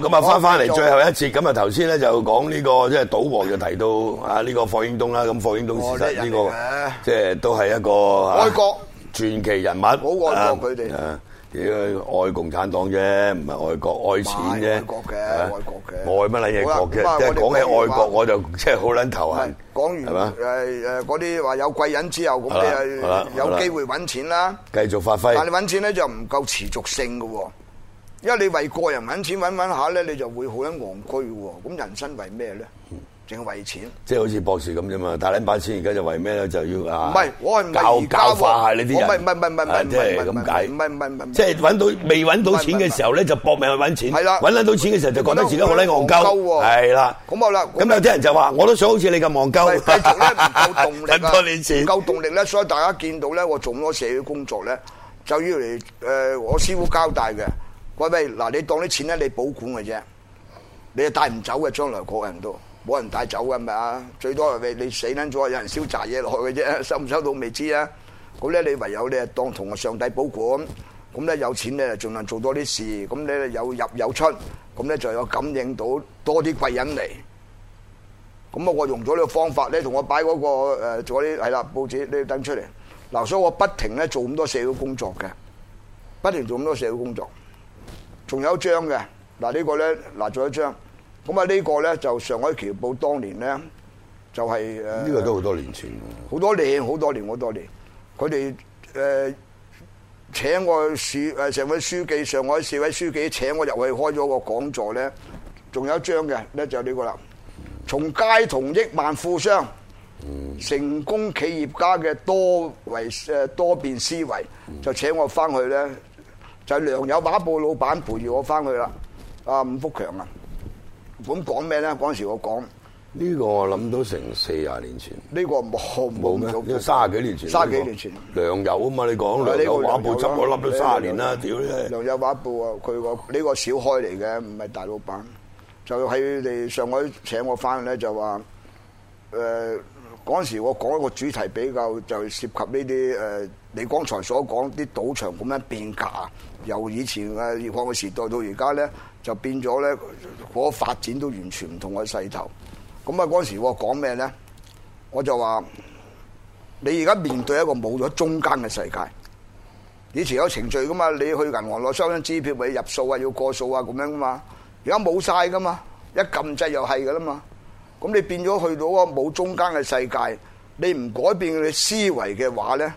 咁啊，翻翻嚟最後一節，咁啊頭先咧就講呢個即係賭王，就提到啊呢個霍英東啦。咁霍英東事實呢個即係都係一個愛國傳奇人物。唔好愛國，佢哋屌愛共產黨啫，唔係愛國愛錢啫。愛國嘅，愛國嘅。愛乜撚嘢國嘅？即係講起愛國，我就即係好撚頭痕！講完係嘛？誒誒，嗰啲話有貴人之後咁，你係有機會揾錢啦。繼續發揮，但係你揾錢咧就唔夠持續性嘅喎。因為你為個人搵錢搵搵下咧，你就會好撚戇居喎。咁人生為咩咧？淨係為錢？即係好似博士咁啫嘛。大把錢而家就為咩咧？就要是是啊，唔係我係教教化下呢啲人。唔係唔係唔係唔係，即係唔係唔係唔係，即係搵到未搵到錢嘅時候咧，就搏命去搵錢。係啦，搵得到錢嘅時候就覺得自己好撚戇鳩。係啦，咁啦。咁有啲人就話，我都想好似你咁戇鳩，搵多啲唔夠動力啦。所以大家見到咧，我做咗社會工作咧，就要嚟，誒，我師傅交代嘅。喂喂，嗱你當啲錢咧，你保管嘅啫，你又帶唔走嘅，將來個人都冇人帶走嘅，係咪啊？最多你你死捻咗，有人燒炸嘢落去嘅啫，收唔收到未知啊？咁咧，你唯有咧當同我上帝保管，咁咧有錢咧仲能做多啲事，咁咧有入有出，咁咧就有感應到多啲貴人嚟。咁啊，我用咗呢個方法咧，同我擺嗰、那個誒，做啲係啦報紙呢登出嚟。嗱，所以我不停咧做咁多社會工作嘅，不停做咁多社會工作。仲有一張嘅，嗱呢個咧，嗱仲有一張，咁啊呢個咧就是、上海《僑報》當年咧就係、是、誒，呢個都好多年前喎，好多年，好多年，好多年，佢哋誒請我市誒市委書記、上海市委書記請我入去開咗個講座咧，仲有一張嘅咧就呢、是、個啦，從街童億萬富商、嗯、成功企業家嘅多維誒多變思維，就請我翻去咧。就係良友畫報老闆陪住我翻去啦，啊，伍福強啊，咁講咩咧？嗰陣時我講呢、這個我諗到成四十年前，呢、這個冇冇咩？三十幾年前，三十幾年前，良友啊嘛？你講良友畫報我諗到三十年啦，屌你！良友畫報啊，佢、那個呢、這個小開嚟嘅，唔係大老闆，就喺你哋上海請我翻咧，就話誒嗰陣時我講一個主題比較就涉及呢啲誒。呃。你剛才所講啲賭場咁樣變革啊，由以前嘅熱狂嘅時代到而家咧，就變咗咧嗰個發展都完全唔同嘅勢頭。咁啊，嗰時我講咩咧？我就話你而家面對一個冇咗中間嘅世界。以前有程序噶嘛，你去銀行攞收張支票畀入數啊，要過數啊，咁樣噶嘛。而家冇曬噶嘛，一撳掣又係噶啦嘛。咁你變咗去到一個冇中間嘅世界，你唔改變你嘅思維嘅話咧？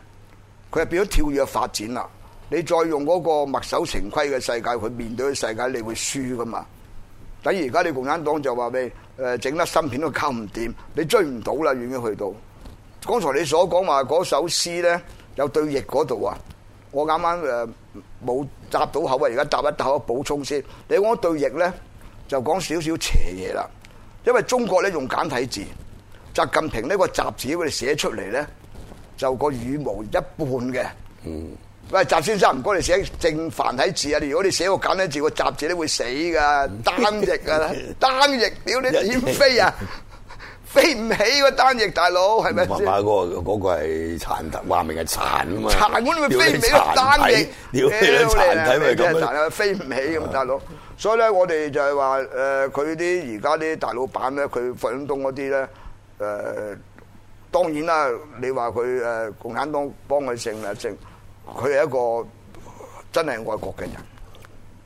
佢係變咗跳躍嘅發展啦！你再用嗰個墨守成規嘅世界去面對嘅世界，你會輸噶嘛？等而家你共產黨就話你誒，整粒芯片都溝唔掂，你追唔到啦，已經去到。剛才你所講話嗰首詩咧，有對譯嗰度啊，我啱啱誒冇答到口啊，而家答一答，我補充先。你講對譯咧，就講少少邪嘢啦，因為中國咧用簡體字，習近平呢個雜誌佢哋寫出嚟咧。就個羽毛一半嘅，嗯，喂，習先生，唔該，你寫正繁體字啊！如果你寫個簡體字，個習字咧會死噶，單翼噶啦， 單翼，屌你點飛啊？ 飛唔起，啊單爸爸嗰個單翼大佬，係咪？唔係嗰個嗰係殘，話明係殘啊嘛，殘咁你飛唔起，啊，單翼，屌你殘體咪咁，飛唔起咁大佬。 所以咧，我哋就係話誒，佢啲而家啲大老闆咧，佢霍英東嗰啲咧，誒、呃。當然啦，你話佢誒，共產黨幫佢成立勝佢係一個真係愛國嘅人。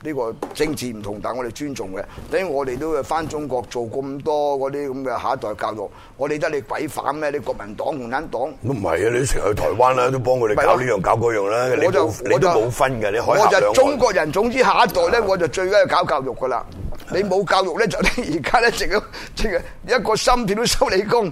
呢個政治唔同，但我哋尊重嘅。等於我哋都翻中國做咁多嗰啲咁嘅下一代教育，我理得你鬼反咩？你國民黨、共產黨都唔係啊！你成日去台灣啦，都幫佢哋搞呢樣搞嗰樣啦。我就我都冇分嘅，你可以。我就中國人，總之下一代咧，我就最緊要搞教育噶啦。 你冇教育咧，就你而家咧，成個成一個芯片都收你工。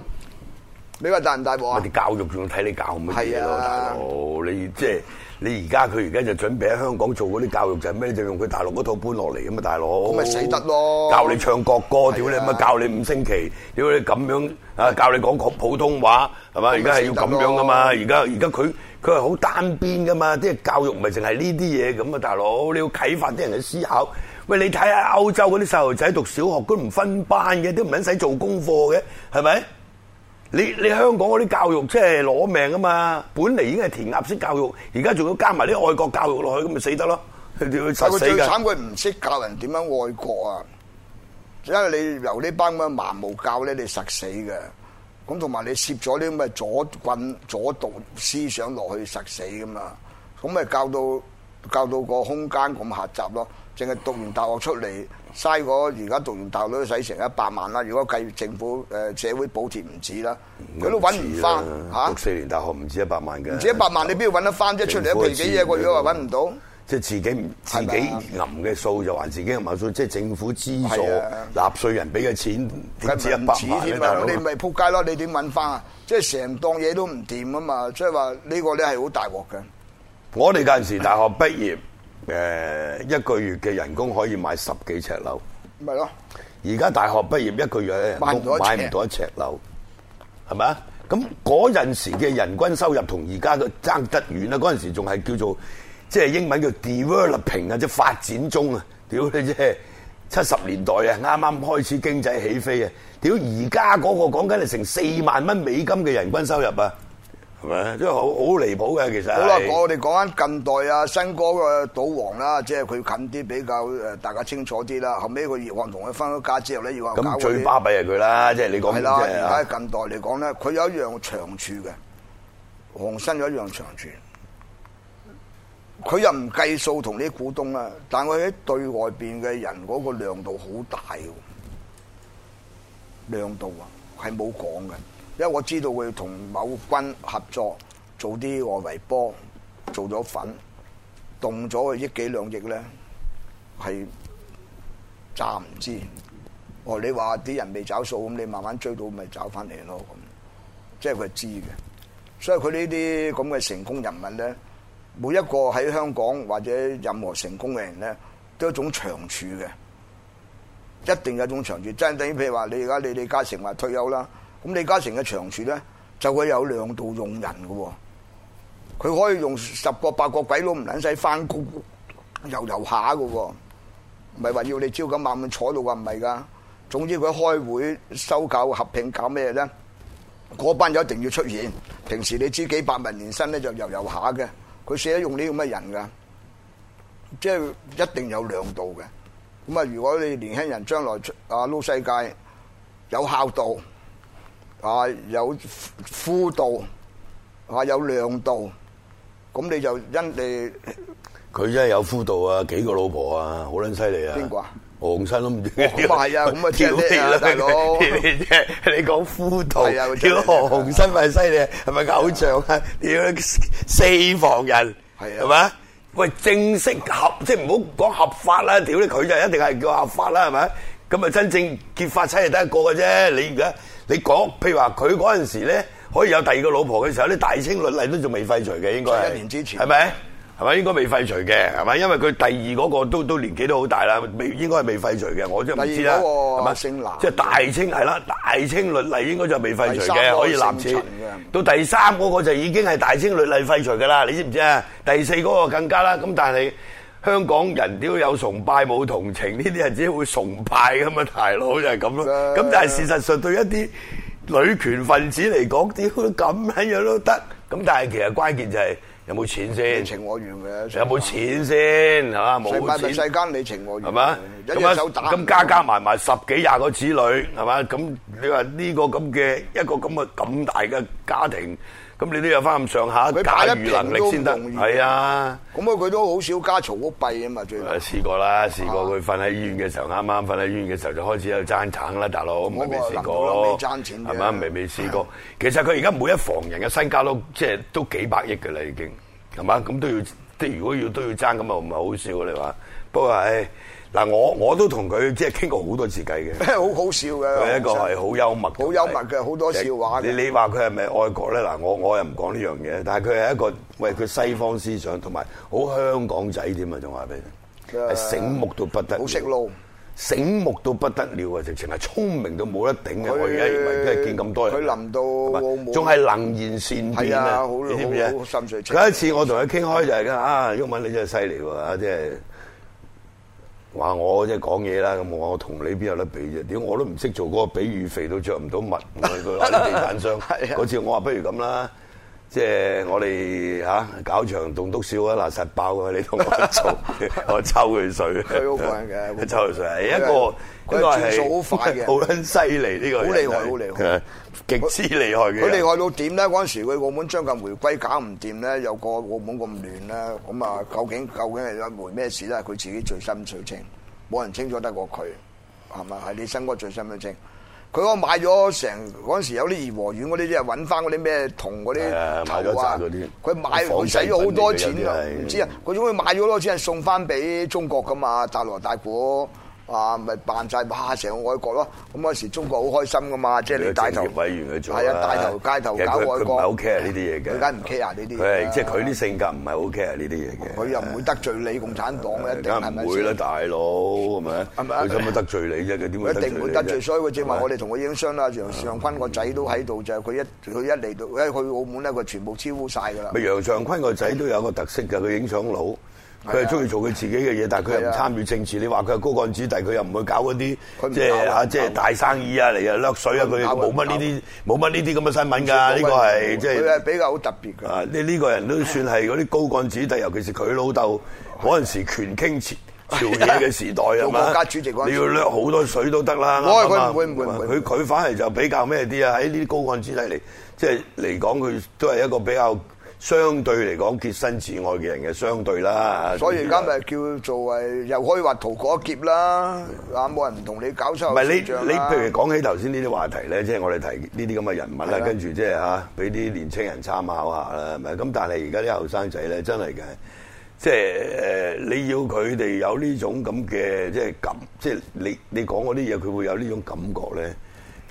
你話大唔大鑊啊？我哋教育仲睇你教乜嘢咯，大佬。你即係你而家佢而家就準備喺香港做嗰啲教育就，就係咩？就用佢大陸嗰套搬落嚟咁嘛，大佬。咁咪死得咯！教你唱國歌，屌你咁啊！教你五星旗，屌你咁樣啊！教你講講普通話，係嘛、啊？而家係要咁樣噶嘛？而家而家佢佢係好單邊噶嘛？即係教育咪淨係呢啲嘢咁啊，大佬。你要啟發啲人去思考。喂，你睇下歐洲嗰啲細路仔讀小學，都唔分班嘅，都唔使做功課嘅，係咪？你你香港嗰啲教育真係攞命噶嘛，本嚟已經係填鴨式教育，而家仲要加埋啲愛國教育落去，咁咪死得咯，佢會實死㗎。最慘佢唔識教人點樣愛國啊，因為你由呢班咁嘅盲目教咧，你實死嘅。咁同埋你攝咗啲咁嘅左棍左獨思想落去，實死噶嘛。咁咪教到教到個空間咁狹窄咯。淨係讀完大學出嚟嘥個，而家讀完大學都使成一百萬啦。如果計政府誒社會補貼唔止啦，佢都揾唔翻嚇。六四年大學唔止一百萬嘅。唔、啊啊止，啊啊啊啊、止一百萬，你邊度揾得翻？一出嚟一皮幾嘢個樣啊，揾唔到。即係自己，自己揞嘅數就還自己嘅某數，即係政府資助納稅人俾嘅錢點止一百萬咧？大佬，你咪仆街咯！你點揾翻啊？即係成檔嘢都唔掂啊嘛！即係話呢個咧係好大鑊嘅。我哋嗰陣時大學畢業。嗯嗯誒，一個月嘅人工可以買十幾尺樓，咪咯？而家大學畢業一個月咧，買唔到一尺樓，係咪啊？咁嗰陣時嘅人均收入同而家都爭得遠啦。嗰陣時仲係叫做即係英文叫 developing 啊，即係發展中啊，屌你啫！七十年代啊，啱啱開始經濟起飛啊，屌而家嗰個講緊係成四萬蚊美金嘅人均收入啊！係咪？即係好好離譜嘅，其實好。好啦，我哋講翻近代啊，新哥嘅賭王啦，即係佢近啲比較誒，大家清楚啲啦。後尾佢葉漢同佢分咗家之後咧，葉漢咁最巴閉係佢啦，即係你講。係啦，而家近代嚟講咧，佢有一樣長處嘅，黃新有一樣長處，佢又唔計數同啲股東啦，但佢喺對外邊嘅人嗰個量度好大嘅，量度啊，係冇講嘅。因為我知道佢同某軍合作做啲外圍波，做咗份，動咗億幾兩億咧，係暫唔知。哦，你話啲人未找數咁，你慢慢追到咪找翻嚟咯。咁即係佢知嘅。所以佢呢啲咁嘅成功人物咧，每一個喺香港或者任何成功嘅人咧，都有一種長處嘅。一定有一種長處，真係等於譬如話你而家你李嘉誠話退休啦。咁李嘉誠嘅長處咧，就會有量度用人嘅喎。佢可以用十個八個鬼佬唔撚使翻工，遊遊下嘅喎。唔係話要你朝九晚五坐到嘅唔係㗎。總之佢開會收購合併搞咩咧，嗰班就一定要出現。平時你知幾百萬年薪咧就遊遊下嘅。佢捨得用呢啲咁嘅人㗎，即係一定有量度嘅。咁啊，如果你年輕人將來出啊撈世界有效度，有孝道。啊有呼度啊有量度，咁你就因你佢真係有呼度啊幾個老婆啊好撚犀利啊，邊個啊何生都唔知，咁啊係啊咁啊屌你老細，你你講呼度啊，屌何生咪犀利，係咪偶像啊，屌四房人係，係嘛喂，正式合即係唔好講合法啦屌咧佢就一定係叫合法啦，係咪咁啊真正結髮妻係得一個嘅啫，你而家你講，譬如話佢嗰陣時咧，可以有第二個老婆嘅時候，你大清律例都仲未廢除嘅，應該係。七一年之前。係咪？係咪應該未廢除嘅？係咪？因為佢第二嗰個都都年紀都好大啦，未應該係未廢除嘅。我真係唔知啦。係咪？姓藍。即係大清係啦，大清律例應該就未廢除嘅，可以立妾。到第三嗰個就已經係大清律例廢除嘅啦，你知唔知啊？第四嗰個更加啦，咁但係。香港人屌有崇拜冇同情，呢啲人只會崇拜咁，啊大佬就係咁咯。咁但係事實上對一啲女權分子嚟講，屌咁樣樣都得。咁但係其實關鍵就係有冇錢先。情我願啊！有冇錢先係嘛？冇錢世間你情我願係嘛？咁樣咁加加埋埋十幾廿個子女係嘛？咁你話呢個咁嘅一個咁嘅咁大嘅家庭。咁你都有翻咁上下佢駕馭能力先得，係啊！咁啊，佢都好少加嘈屋幣啊嘛，最多。誒，試過啦，試過佢瞓喺醫院嘅時候，啱啱瞓喺醫院嘅時候就開始喺度爭產啦，大佬，我未試過咯，係嘛？未未試過。其實佢而家每一房人嘅身家都即係都幾百億㗎啦，已經係嘛？咁都要，即係如果要都要爭咁啊，唔係好少。你話。不過係。嗱，我我都同佢即係傾過好多次偈嘅，好 好笑嘅。佢一個係好幽默，好幽默嘅好多笑話、就是。你話佢係咪愛國咧？嗱，我我又唔講呢樣嘢。但係佢係一個喂，佢西方思想同埋好香港仔添啊，仲話俾你，就是、醒目到不得了，好識路醒，醒目到不得了啊！直情係聰明到冇得頂啊！我而家認為都係見咁多人，佢臨到仲係能言善辯啊！好咧，有一次我同佢傾開就係、是、啦，啊，毓民你真係犀利喎！我話我即係講嘢啦，咁我話我同你邊有得比啫？點我都唔識做嗰個，比喻肥，肥到着唔到襪，我啲地產商。嗰 次我話不如咁啦。即係我哋嚇、啊、搞場棟篤笑啊！嗱，實爆佢，你同我做， 我抽佢水。佢好快嘅，抽佢水係一個佢轉數好快嘅，好犀利呢個，好厲害，好厲害，極之厲害嘅。佢厲害到點咧？嗰陣時佢澳門將近回歸搞唔掂咧，有個澳門咁亂咧，咁啊究竟究竟係一回咩事都咧？佢自己最深水清，冇人清楚得過佢，係咪？係你新過最深都清。佢嗰買買咗成嗰陣時時有啲怡和遠嗰啲，即係揾翻嗰啲咩銅嗰啲頭啊，佢買佢使咗好多錢啊！唔、就是、知啊，佢因為買咗好多錢，送翻俾中國㗎嘛，大鑼大鼓。啊，咪扮曬哇！成個外國咯，咁嗰時中國好開心噶嘛，即係你帶頭委員去做啦，係啊，帶頭街頭搞外國。佢唔係好 care 呢啲嘢嘅，佢梗唔 care 呢啲嘢。即係佢啲性格唔係好 care 呢啲嘢嘅。佢又唔會得罪你共產黨一定唔會啦，大佬，係咪？佢咁樣得罪你啫，佢點會得罪你？一定唔會得罪。是是所以佢正話，我哋同佢影相啦，楊尚昆個仔都喺度，就係佢一佢一嚟到一去澳門咧，佢全部招呼晒㗎啦。咪楊尚昆個仔都有個特色㗎，佢影相佬。佢係中意做佢自己嘅嘢，但係佢又唔參與政治。是你話佢係高幹子弟，佢又唔會搞嗰啲即係嚇即係大生意啊嚟、這個就是、啊，掠水啊，佢冇乜呢啲冇乜呢啲咁嘅新聞㗎。呢個係即係比較好特別㗎。呢呢個人都算係嗰啲高幹子弟，尤其是佢老豆嗰陣時權傾朝野嘅時代係嘛？國家主席你要掠好多水都得啦。我係佢唔會唔會佢佢反而就比較咩啲啊？喺呢啲高幹子弟嚟即係嚟講，佢、就是、都係一個比較。相對嚟講，潔身自愛嘅人嘅相對啦。所以而家咪叫做係又可以話逃過一劫啦，啊冇人唔同你搞錯。唔係你你譬如講起頭先呢啲話題咧，即係我哋提呢啲咁嘅人物啦，是跟住即係吓俾啲年青人參考下啦。咪咁，但係而家啲後生仔咧，真係嘅，即係誒你要佢哋有呢種咁嘅即係感，即係你你講嗰啲嘢，佢會有呢種感覺咧。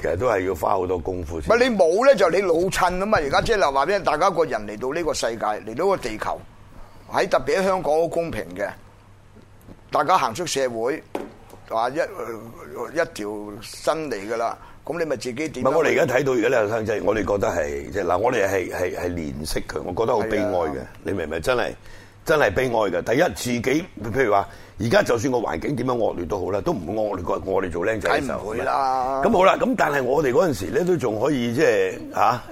其實都係要花好多功夫先。係你冇咧，就係，你老襯啊嘛！而家即係話俾大家一個人嚟到呢個世界，嚟到個地球，喺特別喺香港好公平嘅。大家行出社會，話一、呃、一條身嚟噶啦，咁你咪自己點？嗯、我哋而家睇到而家啲後生仔，我哋覺得係即係嗱，就係，我哋係係係憐惜佢，我覺得好悲哀嘅，的你明唔明？真係。真係悲哀嘅。第一，自己譬如話，而家就算個環境點樣惡劣都好啦，都唔會惡劣過我哋做僆仔。睇唔去啦。咁好啦，咁但係我哋嗰陣時咧都仲可以即係吓，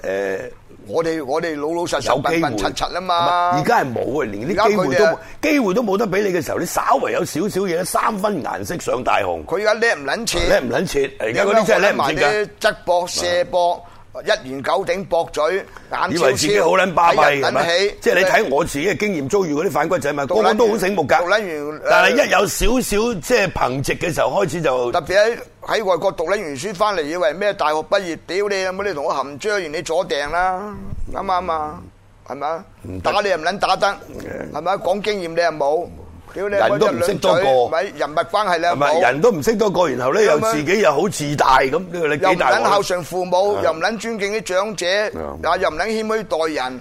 我哋我哋老老實實，有機會。七七啊嘛。而家係冇啊，連啲機，機會都機會都冇得俾你嘅時候，你稍為有少少嘢三分顏色上大紅。佢而家叻唔撚切？叻唔撚切。而家嗰啲真係叻唔撚切。側膊射波。一言九鼎，駁嘴，眼超超，以為自己好撚巴閉，係咪。即係你睇我自己嘅經驗，遭遇嗰啲反骨仔嘛，個個都好醒目噶。但係一有少少即係憑直嘅時候開始就特別喺喺外國讀撚完書翻嚟，以為咩大學畢業屌你有冇你同我含張完你咗訂啦？啱啱啊？係咪啊？打你又唔撚打得，係咪啊？講經驗你又冇。人都唔識多個唔係人脈關係咧，唔係人都唔識多個，然後咧又自己又好自大咁。你幾大？又唔撚孝順父母，又唔撚尊敬啲長者，又唔撚謙虛待人。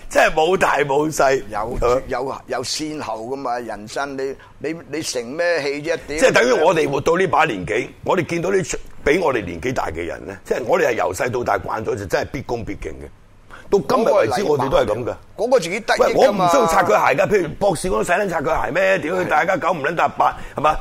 即係冇大冇細，有有有先後噶嘛？人生你你你成咩氣啫？即係等於我哋活到呢把年紀，我哋見到你，比我哋年紀大嘅人咧，即係我哋係由細到大慣咗，就真係必恭必敬嘅。到今日為止，那個、我哋都係咁噶。嗰個自己低，我唔需要擦佢鞋噶。譬如博士，我使卵擦佢鞋咩？屌，大家九唔撚搭八係嘛？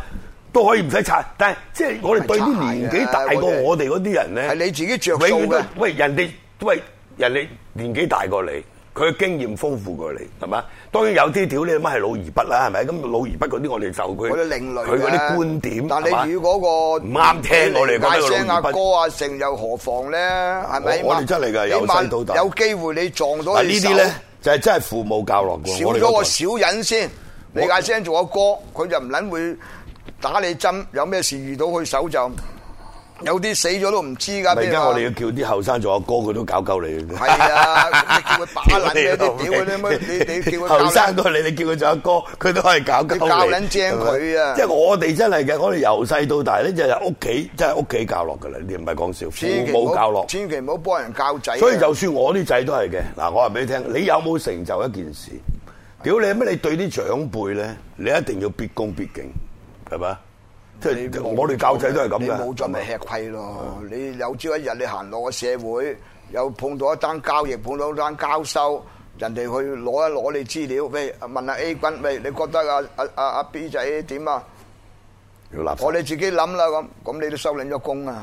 都可以唔使擦。但係即係我哋對啲年紀大過我哋嗰啲人咧，係你自己着數嘅。喂，人哋喂人哋年紀大過你。佢嘅經驗豐富過你，係嘛？當然有啲屌你乜係老而不啦，係咪？咁老而不嗰啲，我哋就佢佢啲另類嘅，佢嗰啲觀點。但係你如果、個唔啱聽我哋講，嗌聲阿哥阿成又何妨咧？係咪？我哋出嚟嘅，由細到大。有機會你撞到你。係呢啲咧，就係、是、真係父母教落嘅。少咗個小人先，你嗌聲做阿哥，佢就唔撚會打你針。有咩事遇到佢手就。有啲死咗都唔知噶。而家我哋要叫啲後生做阿哥，佢都搞鳩你。係啊，叫佢擺爛你啲，屌你媽！你你叫佢後生都係你，你叫佢做阿哥，佢都係搞鳩你。教撚精佢啊！即係我哋真係嘅，我哋由細到大咧，就係屋企，即係屋企教落㗎啦。你唔係講笑，父母教落。千祈唔好幫人教仔。所以就算我啲仔都係嘅，嗱，我話俾你聽，你有冇成就一件事？屌你乜！你對啲長輩咧，你一定要畢恭畢敬，係嘛？即係你，我哋教仔都係咁嘅。你冇做咪吃屁咯！你有朝一日你行落個社會，又碰到一單交易，碰到一單交收，人哋去攞一攞你資料，喂，問下 A 君，喂，你覺得阿阿阿阿 B 仔點啊？我你自己諗啦，咁咁你都收領咗工啊！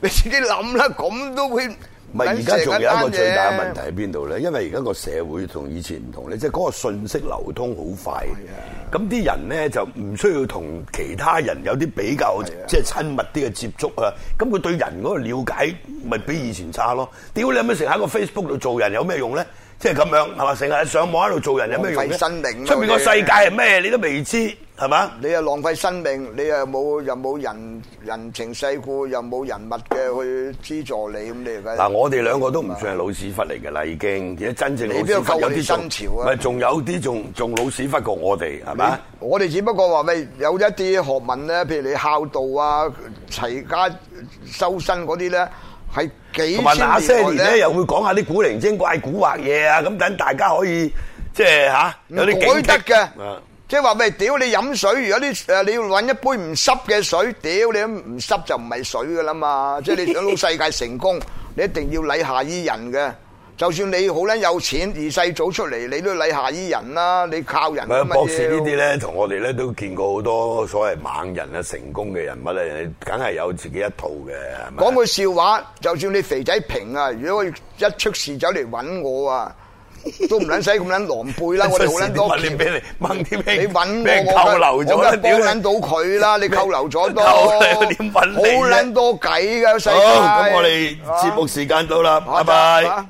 你自己諗啦，咁都會。唔係而家仲有一個最大嘅問題喺邊度咧？因為而家個社會同以前唔同咧，即係嗰個信息流通好快，咁啲人咧就唔需要同其他人有啲比較，即係親密啲嘅接觸啊。咁佢對人嗰個了解，咪比以前差咯。屌你，咪成日喺個 Facebook 度做人有咩用咧？即係咁樣，係嘛？成日上網喺度做人有咩用？浪費生命出、啊、面個世界係咩？你都未知，係嘛？你又浪費生命，你又冇又冇人人情世故，又冇人物嘅去資助你咁，你嗱，我哋兩個都唔算係老屎忽嚟嘅啦，已經而家真正老屎忽有啲新潮啊！仲有啲仲仲老屎忽過我哋，係嘛？我哋只不過話喂，有一啲學問咧，譬如你孝道啊、齊家、修身嗰啲咧。係幾千年前咧，有又會講下啲古靈精怪、古惑嘢啊！咁等大家可以即係嚇有啲警惕嘅。即係話：喂、啊、屌、嗯、你飲水，如果啲誒你要揾一杯唔濕嘅水，屌你都唔濕就唔係水噶啦嘛！ 即係你想攞世界成功，你一定要禮下依人嘅。就算你好撚有錢二世祖出嚟，你都禮下依人啦。你靠人，博士呢啲咧，同我哋咧都見過好多所謂猛人啦，成功嘅人物咧，你梗係有自己一套嘅，係咪？講句笑話，就算你肥仔平啊，如果一出事走嚟揾我啊，都唔撚使咁撚狼狽啦。我哋好撚多錢，掹啲咩？你揾我，我梗幫撚到佢啦。你扣留咗多，點揾你？好撚多計噶世界。好，咁我哋節目時間到啦，拜拜。